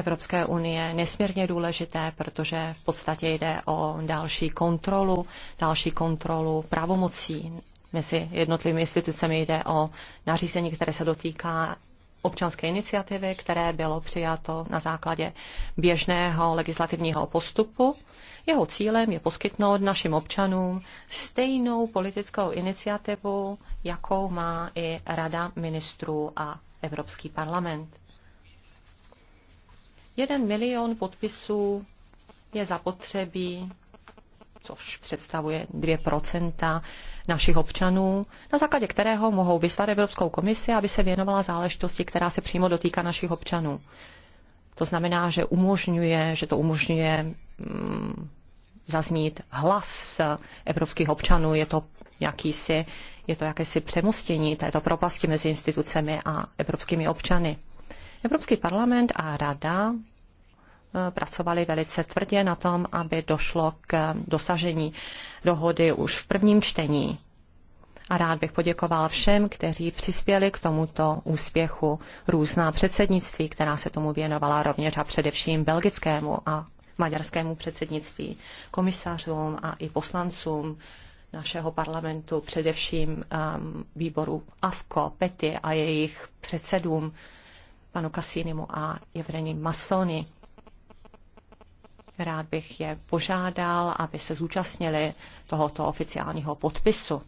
Evropské unie nesmírně důležité, protože v podstatě jde o další kontrolu, další kontrolu pravomocí mezi jednotlivými institucemi. Jde o nařízení, které se dotýká občanské iniciativy, které bylo přijato na základě běžného legislativního postupu. Jeho cílem je poskytnout našim občanům stejnou politickou iniciativu, jakou má i Rada ministrů a Evropský parlament. Jeden milion podpisů je zapotřebí, což představuje 2 našich občanů, na základě kterého mohou vyslat Evropskou komisi, aby se věnovala záležitosti, která se přímo dotýká našich občanů. To znamená, že umožňuje, že to umožňuje mm, zaznít hlas evropských občanů. Je to jakýsi, je to jakési přemostění této propasti mezi institucemi a evropskými občany. Evropský parlament a rada eh, pracovali velice tvrdě na tom, aby došlo k dosažení dohody už v prvním čtení. A rád bych poděkoval všem, kteří přispěli k tomuto úspěchu různá předsednictví, která se tomu věnovala rovněž a především belgickému a maďarskému předsednictví, komisařům a i poslancům našeho parlamentu, především um, výboru AFKO, PETI a jejich předsedům panu Kasínimu a Jevgeni Masoni. Rád bych je požádal, aby se zúčastnili tohoto oficiálního podpisu.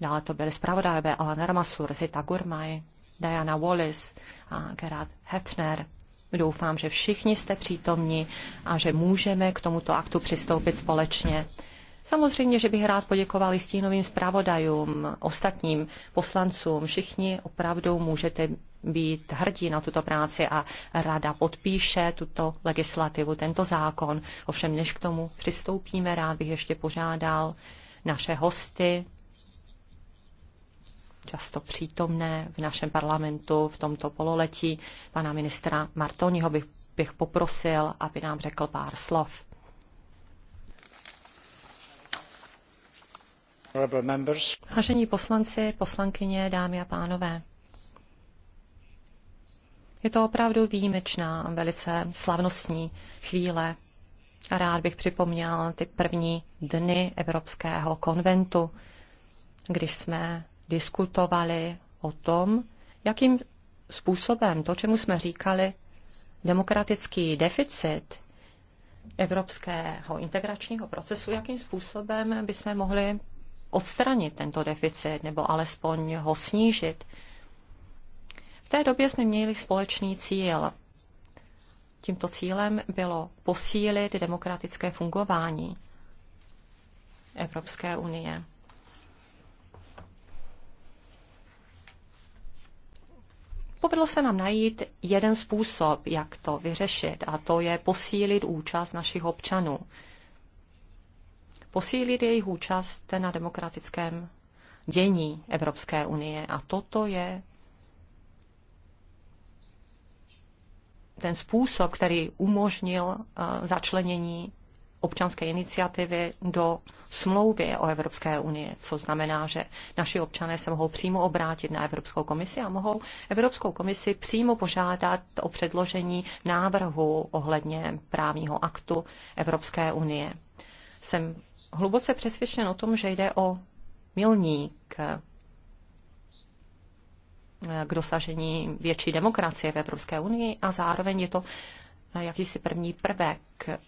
Dále to byly zpravodajové Alan Ramasur, Zita Gurmaj, Diana Wallis a Gerard Hefner. Doufám, že všichni jste přítomni a že můžeme k tomuto aktu přistoupit společně. Samozřejmě, že bych rád poděkoval i stínovým zpravodajům, ostatním poslancům. Všichni opravdu můžete být hrdí na tuto práci a rada podpíše tuto legislativu, tento zákon. Ovšem, než k tomu přistoupíme, rád bych ještě požádal naše hosty, často přítomné v našem parlamentu v tomto pololetí, pana ministra Martoniho bych, bych poprosil, aby nám řekl pár slov. Vážení poslanci, poslankyně, dámy a pánové, je to opravdu výjimečná, velice slavnostní chvíle. A rád bych připomněl ty první dny Evropského konventu, když jsme diskutovali o tom, jakým způsobem to, čemu jsme říkali demokratický deficit evropského integračního procesu, jakým způsobem bychom mohli odstranit tento deficit nebo alespoň ho snížit té době jsme měli společný cíl. Tímto cílem bylo posílit demokratické fungování Evropské unie. Povedlo se nám najít jeden způsob, jak to vyřešit, a to je posílit účast našich občanů. Posílit jejich účast na demokratickém dění Evropské unie. A toto je ten způsob, který umožnil uh, začlenění občanské iniciativy do smlouvy o Evropské unii, co znamená, že naši občané se mohou přímo obrátit na Evropskou komisi a mohou Evropskou komisi přímo požádat o předložení návrhu ohledně právního aktu Evropské unie. Jsem hluboce přesvědčen o tom, že jde o milník k dosažení větší demokracie v Evropské unii a zároveň je to eh, jakýsi první prvek eh,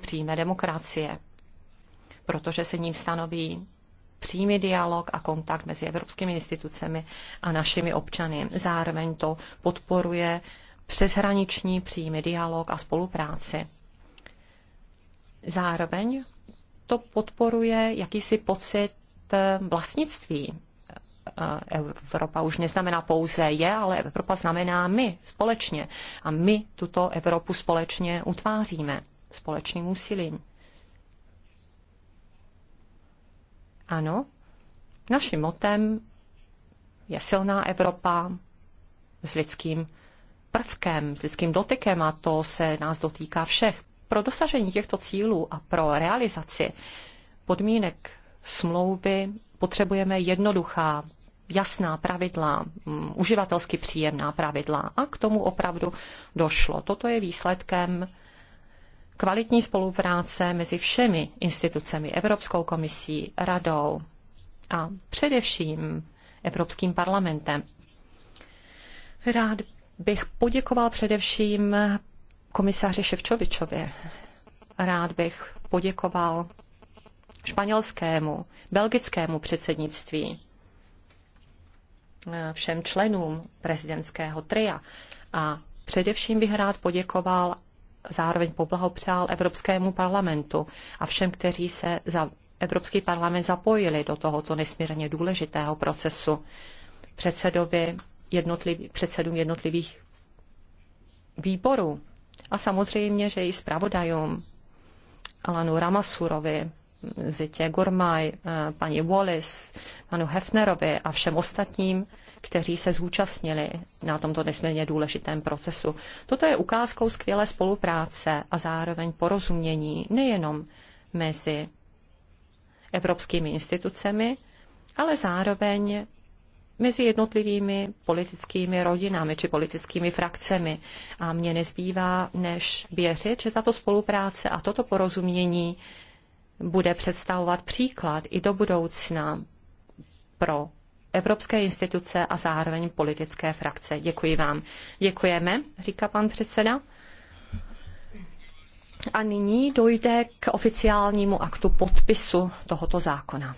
přímé demokracie, protože se ním stanoví přímý dialog a kontakt mezi evropskými institucemi a našimi občany. Zároveň to podporuje přeshraniční přímý dialog a spolupráci. Zároveň to podporuje jakýsi pocit eh, vlastnictví Eh, Evropa už neznamená pouze je, ale Evropa znamená my společně. A my tuto Evropu společně utváříme společným úsilím. Ano, naším motem je silná Evropa s lidským prvkem, s lidským dotykem a to se nás dotýká všech. Pro dosažení těchto cílů a pro realizaci podmínek smlouvy potřebujeme jednoduchá jasná pravidla, mm, uživatelsky příjemná pravidla a k tomu opravdu došlo. Toto je výsledkem kvalitní spolupráce mezi všemi institucemi, Evropskou komisí, radou a především Evropským parlamentem. Rád bych poděkoval především komisáři Ševčovičovi. Rád bych poděkoval španělskému, belgickému předsednictví, všem členům prezidentského tria. A především bych rád poděkoval, zároveň poblahopřál Evropskému parlamentu a všem, kteří se za Evropský parlament zapojili do tohoto nesmírně důležitého procesu. Předsedovi jednotliv, předsedům jednotlivých výborů a samozřejmě, že i zpravodajům Alanu Ramasurovi, Zitě Gurmaj, eh, paní Wallis, panu Hefnerovi a všem ostatním, kteří se zúčastnili na tomto nesmírně důležitém procesu. Toto je ukázkou skvělé spolupráce a zároveň porozumění nejenom mezi evropskými institucemi, ale zároveň mezi jednotlivými politickými rodinami či politickými frakcemi. A mně nezbývá, než věřit, že tato spolupráce a toto porozumění bude představovat příklad i do budoucna pro evropské instituce a zároveň politické frakce. Děkuji vám. Děkujeme, říká pan předseda. A nyní dojde k oficiálnímu aktu podpisu tohoto zákona.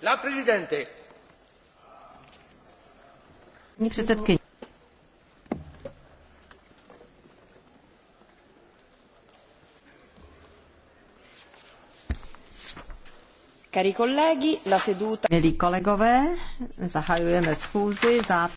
Paní předsedkyně. Cari colleghi, la seduta... Milí kolegové, zahajujeme schůzi. Zápis